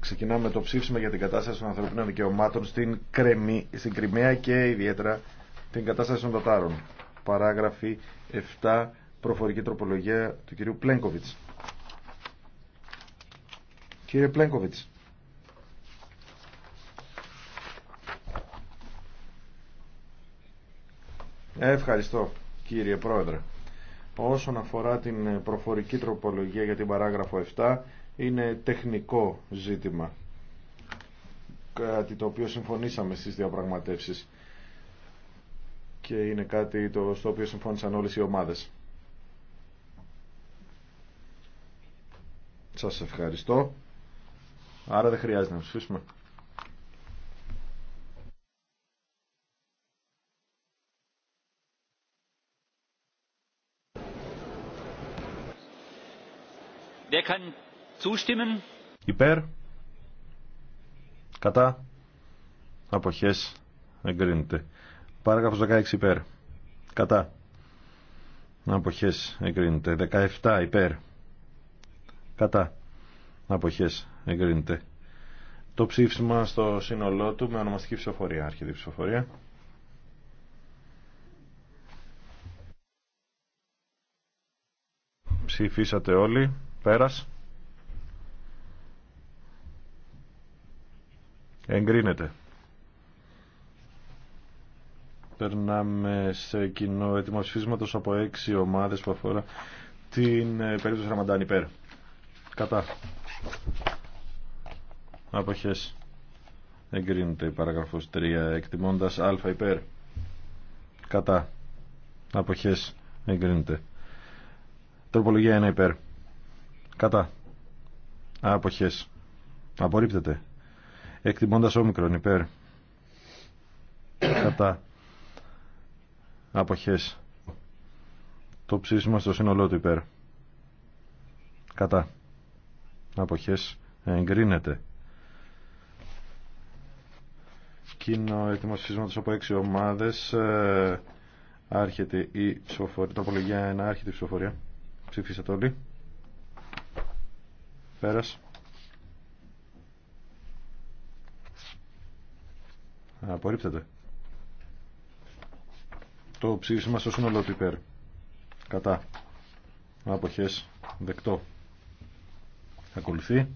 Ξεκινάμε το ψήφισμα για την κατάσταση των ανθρωπίνων δικαιωμάτων στην, Κρεμή, στην Κρυμαία και ιδιαίτερα την κατάσταση των Τατάρων. Παράγραφη 7, προφορική τροπολογία του κυρίου Πλένκοβιτς. Κύριε Πλένκοβιτς. Ευχαριστώ κύριε Πρόεδρε. Όσον αφορά την ε, προφορική τροπολογία για την παράγραφο 7, είναι τεχνικό ζήτημα, κάτι το οποίο συμφωνήσαμε στις διαπραγματεύσεις και είναι κάτι το, στο οποίο συμφώνησαν όλες οι ομάδες. Σας ευχαριστώ. Άρα δεν χρειάζεται να ψηφίσουμε. Υπέρ. Κατά. Αποχές. Εγκρίνεται. Παράγραφος 16 υπέρ. Κατά. Αποχές. Εγκρίνεται. 17 υπέρ. Κατά. Αποχές. Εγκρίνεται. Το ψήφισμα στο σύνολό του με ονομαστική ψηφοφορία. Άρχιδη ψηφοφορία. Ψηφίσατε όλοι. Πέρας. Εγκρίνεται. Περνάμε σε κοινό έτοιμο από έξι ομάδες που αφορά την ε, περίπτωση Ραμαντάν υπέρ. Κατά. Αποχές. Εγκρίνεται η παραγραφός 3 εκτιμώντας α υπέρ. Κατά. Αποχές. Εγκρίνεται. Τροπολογία 1 υπέρ. Κατά. Αποχές. Απορρίπτεται. Εκτιμώντας όμικρον υπέρ. Κατά. Αποχές. Το ψήσιμο στο σύνολό του υπέρ. Κατά. Αποχές. Εγκρίνεται. Κοινό έτοιμο ψήσιμο από έξι ομάδες. Ε, άρχεται η ψηφοφορία. απολογία 1. Άρχεται η ψηφοφορία. Ψηφίσατε όλοι. Πέρας. Απορρίπτεται. Το ψήφισμα στο σύνολο του υπέρ. Κατά. Αποχές. Δεκτό. Ακολουθεί.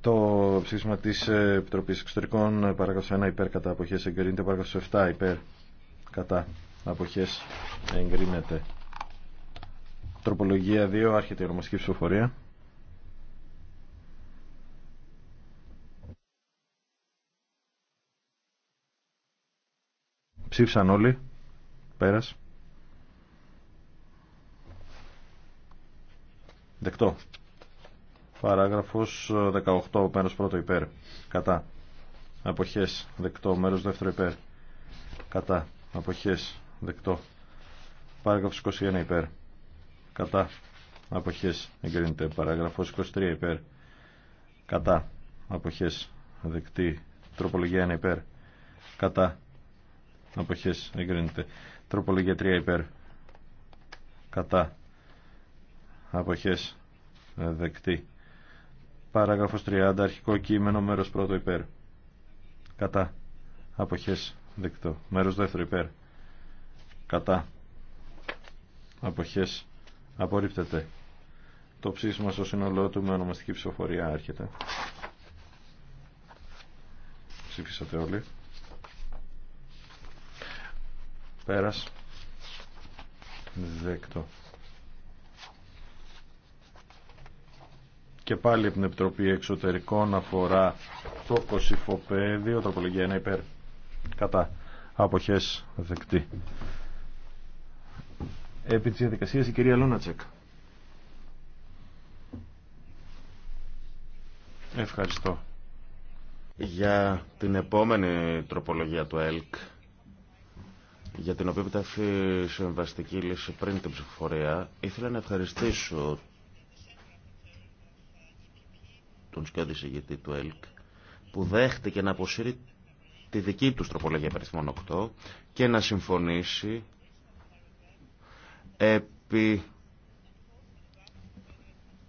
Το ψήφισμα της Επιτροπής Εξωτερικών παράγραφος 1 υπέρ κατά αποχές εγκρίνεται παράγραφος 7 υπέρ κατά αποχές εγκρίνεται. Τροπολογία 2, άρχεται η ονομαστική ψηφοφορία. Ψήφισαν όλοι. Πέρας. Δεκτό. Παράγραφος 18, ε, μέρος πρώτο υπέρ. Κατά. Αποχές. Δεκτό. Μέρος δεύτερο υπέρ. Κατά. Αποχές. Δεκτό. Παράγραφος 21 υπέρ κατά αποχές εγκρίνεται παράγραφος 23 υπέρ κατά αποχές δεκτή τροπολογία 1 υπέρ κατά αποχές εγκρίνεται τροπολογία 3 υπέρ κατά αποχές δεκτή παράγραφος 30 αρχικό κείμενο μέρος πρώτο υπέρ κατά αποχές δεκτό μέρος δεύτερο υπέρ κατά αποχές Απορρίπτεται. Το ψήσιμο στο σύνολό του με ονομαστική ψηφοφορία άρχεται. Ψήφισατε όλοι. Πέρας. Δεκτό. Και πάλι από την Επιτροπή Εξωτερικών αφορά το κοσυφοπέδιο, Το 1 υπέρ. Κατά. Αποχές δεκτή. Επί της διαδικασίας η κυρία Λούνατσεκ. Ευχαριστώ. Για την επόμενη τροπολογία του ΕΛΚ, για την οποία η συμβαστική λύση πριν την ψηφοφορία, ήθελα να ευχαριστήσω τον σκιώδη συγγητή του ΕΛΚ, που δέχτηκε να αποσύρει τη δική του τροπολογία περιθμών 8 και να συμφωνήσει επί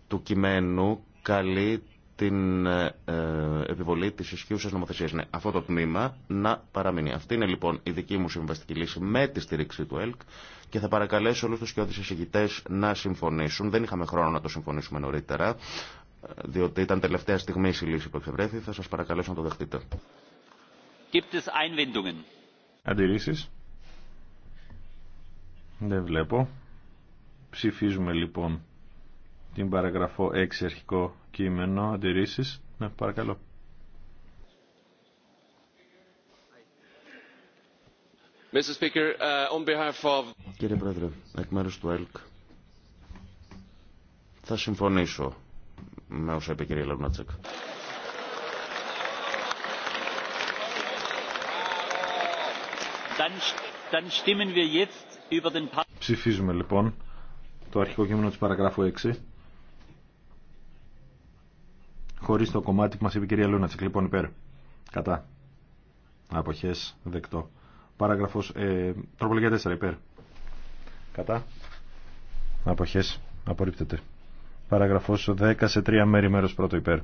του κειμένου καλεί την ε, ε, επιβολή της ισχύουσας νομοθεσίας. Ναι, αυτό το τμήμα να παραμείνει. Αυτή είναι λοιπόν η δική μου συμβαστική λύση με τη στήριξη του ΕΛΚ και θα παρακαλέσω όλους τους κοιότητες εισηγητές να συμφωνήσουν. Δεν είχαμε χρόνο να το συμφωνήσουμε νωρίτερα, ε, διότι ήταν τελευταία στιγμή η λύση που εξευρέθη. Θα σας παρακαλέσω να το δεχτείτε. Gibt Δεν βλέπω. Ψηφίζουμε λοιπόν την παραγραφό 6 αρχικό κείμενο. Αντιρρήσεις. Ναι, παρακαλώ. Uh, Κύριε Πρόεδρε, εκ μέρους του ΕΛΚ θα συμφωνήσω με όσα είπε η κυρία Λαγνάτσεκ. Ψηφίζουμε λοιπόν το αρχικό κείμενο της παραγράφου 6 χωρίς το κομμάτι που μας είπε η κυρία Λούνατσικ λοιπόν υπέρ κατά αποχές δεκτό παράγραφος ε, τροπολογία 4 υπέρ κατά αποχές απορρίπτεται παράγραφος 10 σε 3 μέρη μέρος πρώτο υπέρ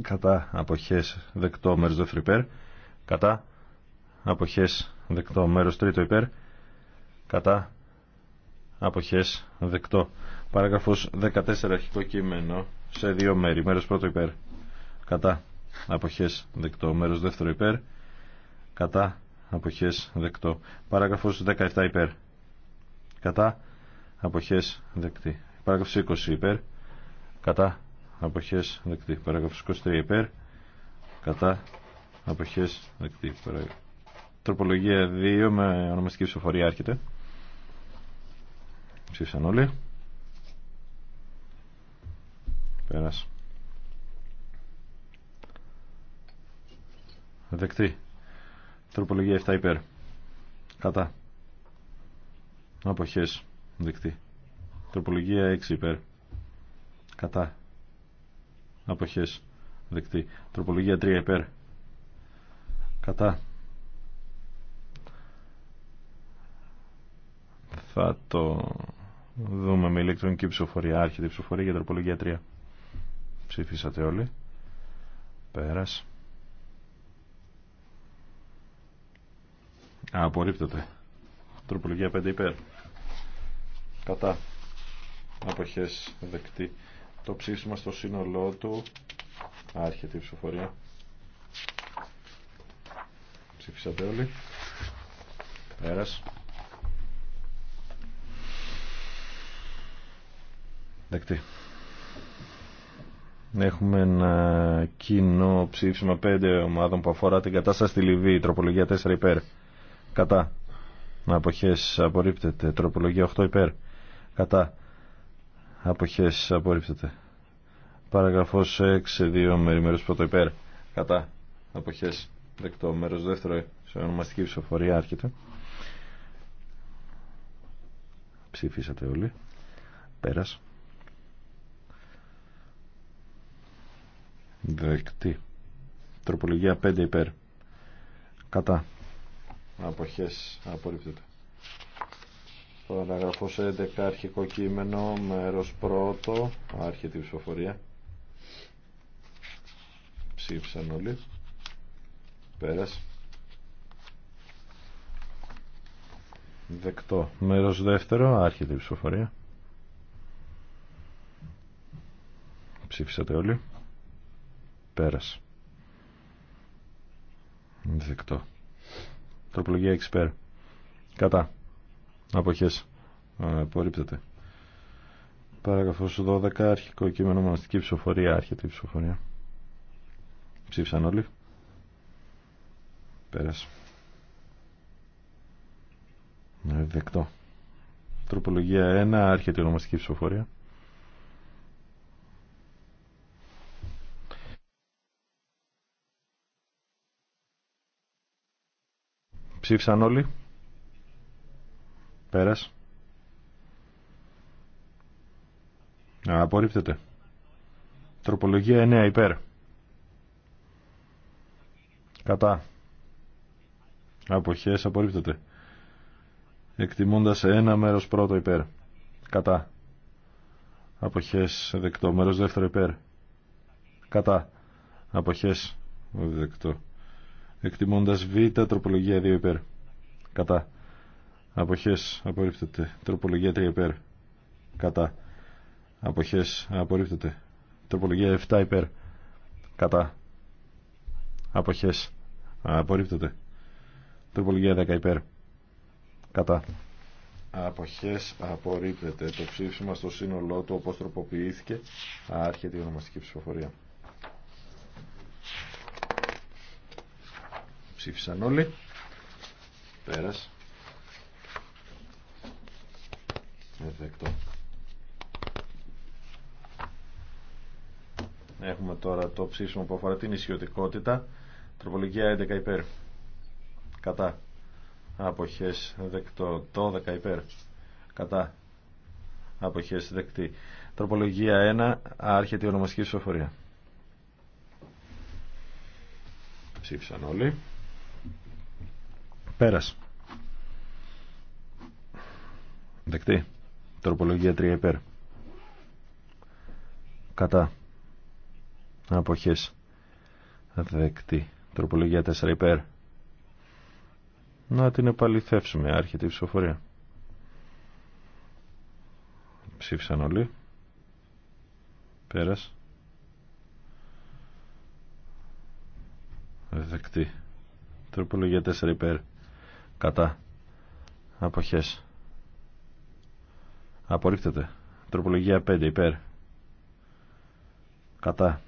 κατά αποχές δεκτό μέρος δεύτερο υπέρ κατά αποχές δεκτό μέρος τρίτο υπέρ κατά αποχές δεκτό. Παράγραφος 14 αρχικό κείμενο σε δύο μέρη. Μέρος πρώτο υπέρ. Κατά. Αποχές δεκτό. Μέρος δεύτερο υπέρ. Κατά. Αποχές δεκτό. Παράγραφος 17 υπέρ. Κατά. Αποχές δεκτή. Παράγραφος 20 υπέρ. Κατά. Αποχές δεκτή. Παράγραφος 23 υπέρ. Κατά. Αποχές δεκτή. Τροπολογία 2 με ονομαστική ψηφοφορία Ψήφισαν όλοι. Πέρας. Δεκτή. Τροπολογία 7 υπέρ. Κατά. Αποχές. Δεκτή. Τροπολογία 6 υπέρ. Κατά. Αποχές. Δεκτή. Τροπολογία 3 υπέρ. Κατά. Θα το Δούμε με ηλεκτρονική ψηφοφορία. Άρχεται η ψηφοφορία για τροπολογία 3. Ψηφίσατε όλοι. Πέρας. Α, απορρίπτεται. Τροπολογία 5 υπέρ. Κατά. Αποχές δεκτή. Το ψήφισμα στο σύνολό του. Άρχεται η ψηφοφορία. Ψήφισατε όλοι. Πέρας. Δεκτή. Έχουμε ένα κοινό ψήφισμα πέντε ομάδων που αφορά την κατάσταση στη Λιβύη. Τροπολογία 4 υπέρ. Κατά. Αποχές απορρίπτεται. Τροπολογία 8 υπέρ. Κατά. Αποχές απορρίπτεται. Παραγραφός 6, 2 μέρος πρώτο υπέρ. Κατά. Αποχές. Δεκτό μέρο δεύτερο σε ονομαστική ψηφοφορία άρχεται. Ψηφίσατε όλοι. Πέρασε. Δεκτή. Τροπολογία 5 υπέρ. Κατά. Αποχές. Απορρίπτεται. Παραγραφός 11 αρχικό κείμενο. Μέρος πρώτο. Άρχεται η ψηφοφορία. Ψήφισαν όλοι. Πέρας. Δεκτό. Μέρος δεύτερο. Άρχεται η ψηφοφορία. Ψήφισατε όλοι. Πέρασε. Δεκτό. Τροπολογία 6 πέρα. Κατά. Αποχές. Απορρίπτεται. Παράγραφος 12. Αρχικό κείμενο μοναστική ψηφοφορία. Άρχεται η ψηφοφορία. Ψήφισαν όλοι. Πέρασε. Δεκτό. Τροπολογία 1. Άρχεται η ονομαστική ψηφοφορία. Ψήφισαν όλοι. Πέρας. Απορρίπτεται. Τροπολογία 9 υπέρ. Κατά. Αποχές απορρίπτεται. Εκτιμώντας ένα μέρος πρώτο υπέρ. Κατά. Αποχές δεκτό. Μέρος δεύτερο υπέρ. Κατά. Αποχές δεκτό. Εκτιμώντας Β, τροπολογία 2 υπέρ. Κατά. Αποχές απορρίπτεται. Τροπολογία 3 υπέρ. Κατά. Αποχές απορρίπτεται. Τροπολογία 7 υπέρ. Κατά. Αποχές απορρίπτεται. Τροπολογία 10 υπέρ. Κατά. Αποχές απορρίπτεται. Το ψήφισμα στο σύνολό του όπως τροποποιήθηκε άρχεται η ονομαστική ψηφοφορία. Ψήφισαν όλοι. Πέρας. Εφεκτό. Έχουμε τώρα το ψήφισμα που αφορά την ισιωτικότητα. Τροπολογία 11 υπέρ. Κατά. Αποχές δεκτό. 12 υπέρ. Κατά. Αποχές δεκτή. Τροπολογία 1. Άρχεται η ονομαστική ψηφοφορία. Ψήφισαν όλοι. Πέρας. Δεκτή. Τροπολογία 3 υπέρ. Κατά. Αποχές. Δεκτή. Τροπολογία 4 υπέρ. Να την επαληθεύσουμε. Άρχεται η ψηφοφορία. Ψήφισαν όλοι. Πέρας. Δεκτή. Τροπολογία 4 υπέρ κατά αποχές απορρίπτεται τροπολογία 5 υπέρ κατά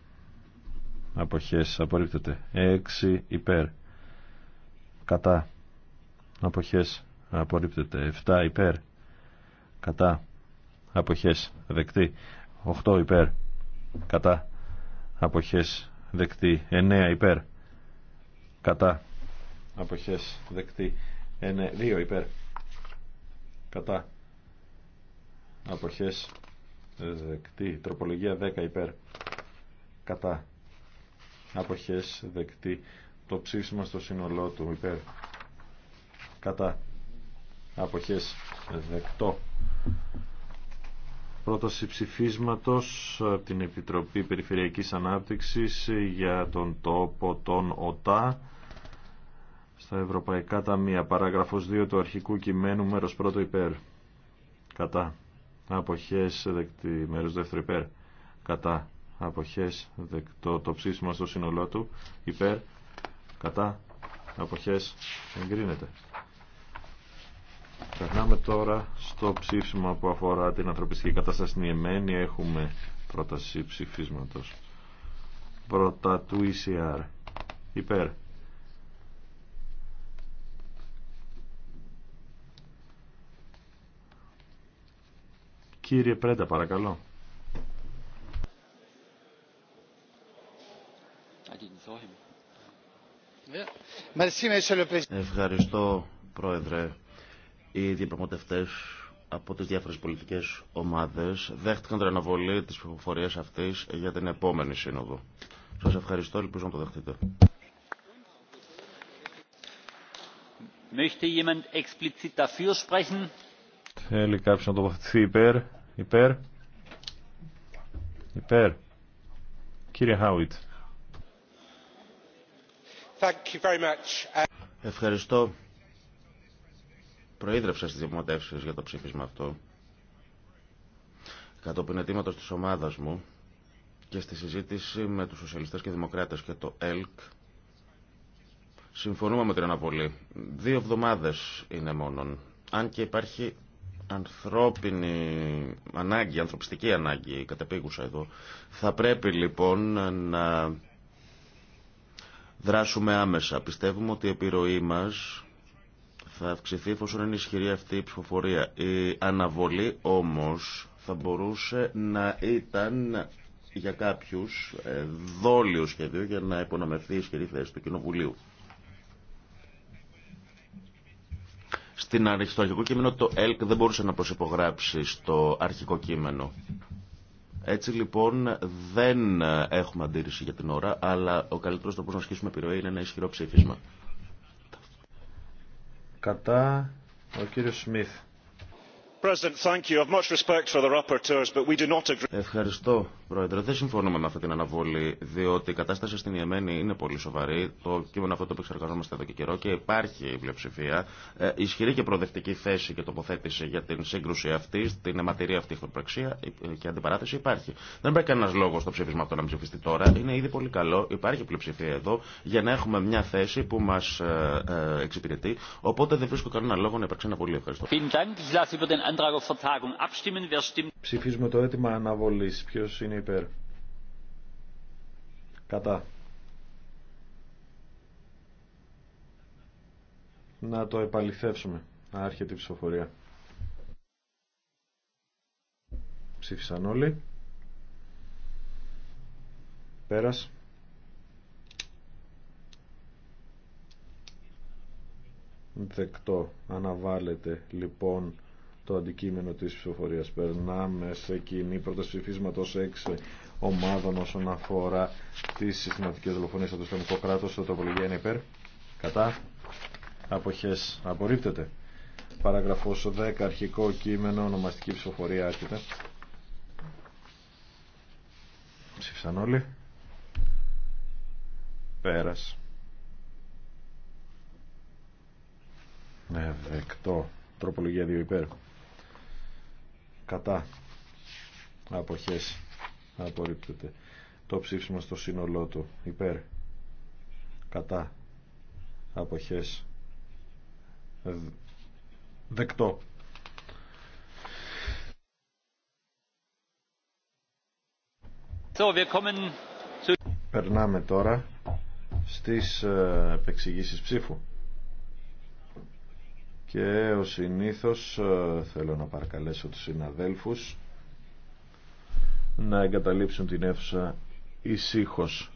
αποχές απορρίπτεται 6 υπέρ κατά αποχές απορρίπτεται 7 υπέρ κατά αποχές δεκτή 8 υπέρ κατά αποχές δεκτή 9 υπέρ κατά αποχές δεκτή 2 υπέρ κατά αποχές δεκτή τροπολογία 10 υπέρ κατά αποχές δεκτή το ψήφισμα στο σύνολό του υπέρ κατά αποχές δεκτό πρόταση ψηφίσματος από την Επιτροπή Περιφερειακής Ανάπτυξης για τον τόπο των ΟΤΑ στα Ευρωπαϊκά Ταμεία. Παράγραφος 2 του αρχικού κειμένου μέρος 1 υπέρ. Κατά. Αποχές δεκτή. Μέρος 2 υπέρ. Κατά. Αποχές δεκτό. Το ψήφισμα στο σύνολό του υπέρ. Κατά. Αποχές εγκρίνεται. Περνάμε τώρα στο ψήφισμα που αφορά την ανθρωπιστική κατάσταση στην Έχουμε πρόταση ψηφίσματος. Πρώτα του ECR. Υπέρ. Κύριε Πρέντα, παρακαλώ. Ευχαριστώ, Πρόεδρε. Οι διαπραγματευτέ από τι διάφορε πολιτικέ ομάδε δέχτηκαν την αναβολή τη ψηφοφορία αυτή για την επόμενη σύνοδο. Σα ευχαριστώ, ελπίζω να το δεχτείτε. Θέλει κάποιο να τοποθετηθεί υπέρ. Υπέρ. Υπέρ. Κύριε Χάουιτ. Ευχαριστώ. Προείδρευσα στις δημοτεύσεις για το ψήφισμα αυτό. Κατόπιν αιτήματος της ομάδας μου και στη συζήτηση με τους σοσιαλιστές και δημοκράτες και το ΕΛΚ συμφωνούμε με την αναβολή. Δύο εβδομάδες είναι μόνον. Αν και υπάρχει ανθρώπινη ανάγκη, ανθρωπιστική ανάγκη κατεπίγουσα εδώ. Θα πρέπει λοιπόν να δράσουμε άμεσα. Πιστεύουμε ότι η επιρροή μας θα αυξηθεί εφόσον είναι ισχυρή αυτή η ψηφοφορία. Η αναβολή όμως θα μπορούσε να ήταν για κάποιους ε, δόλιο σχεδίο για να υπονομευθεί η ισχυρή θέση του Κοινοβουλίου. Στην αρχή, στο αρχικό κείμενο το ΕΛΚ δεν μπορούσε να προσυπογράψει στο αρχικό κείμενο. Έτσι λοιπόν δεν έχουμε αντίρρηση για την ώρα, αλλά ο καλύτερος τρόπος να ασκήσουμε επιρροή είναι ένα ισχυρό ψήφισμα. Κατά ο κύριος Σμιθ. Ευχαριστώ Πρόεδρε, δεν συμφωνούμε με αυτή την αναβολή, διότι η κατάσταση στην Ιεμένη είναι πολύ σοβαρή. Το κείμενο αυτό το επεξεργαζόμαστε εδώ και καιρό και υπάρχει η πλειοψηφία. Ε, ισχυρή και προοδευτική θέση και τοποθέτηση για την σύγκρουση αυτή, την αιματηρή αυτή χρονοπραξία ε, και αντιπαράθεση υπάρχει. Δεν υπάρχει κανένα λόγο στο ψήφισμα αυτό να ψηφιστεί τώρα. Είναι ήδη πολύ καλό. Υπάρχει πλειοψηφία εδώ για να έχουμε μια θέση που μα ε, ε, εξυπηρετεί. Οπότε δεν βρίσκω κανένα λόγο να υπάρξει ένα πολύ ευχαριστώ. Ψηφίζουμε το αίτημα αναβολή. Ποιο είναι είναι υπέρ. Κατά. Να το επαληθεύσουμε. Άρχεται η ψηφοφορία. Ψήφισαν όλοι. Πέρας. Δεκτό. Αναβάλλεται λοιπόν το αντικείμενο της ψηφοφορίας. Περνάμε σε κοινή πρόταση ψηφίσματος 6 ομάδων όσον αφορά τις συστηματικές δολοφονίες το Ισλαμικό κράτος. Το τροπολογία είναι υπέρ. Κατά. Αποχές. Απορρίπτεται. Παραγραφός 10. Αρχικό κείμενο. Ονομαστική ψηφοφορία. Άρχεται. Ψήφισαν όλοι. Πέρας. Ναι Τροπολογία 2 υπέρ κατά αποχές απορρίπτεται το ψήφισμα στο σύνολό του υπέρ κατά αποχές δεκτό Περνάμε τώρα στις ε, επεξηγήσεις ψήφου. Και ο συνήθως ε, θέλω να παρακαλέσω τους συναδέλφους να εγκαταλείψουν την αίθουσα ησύχως.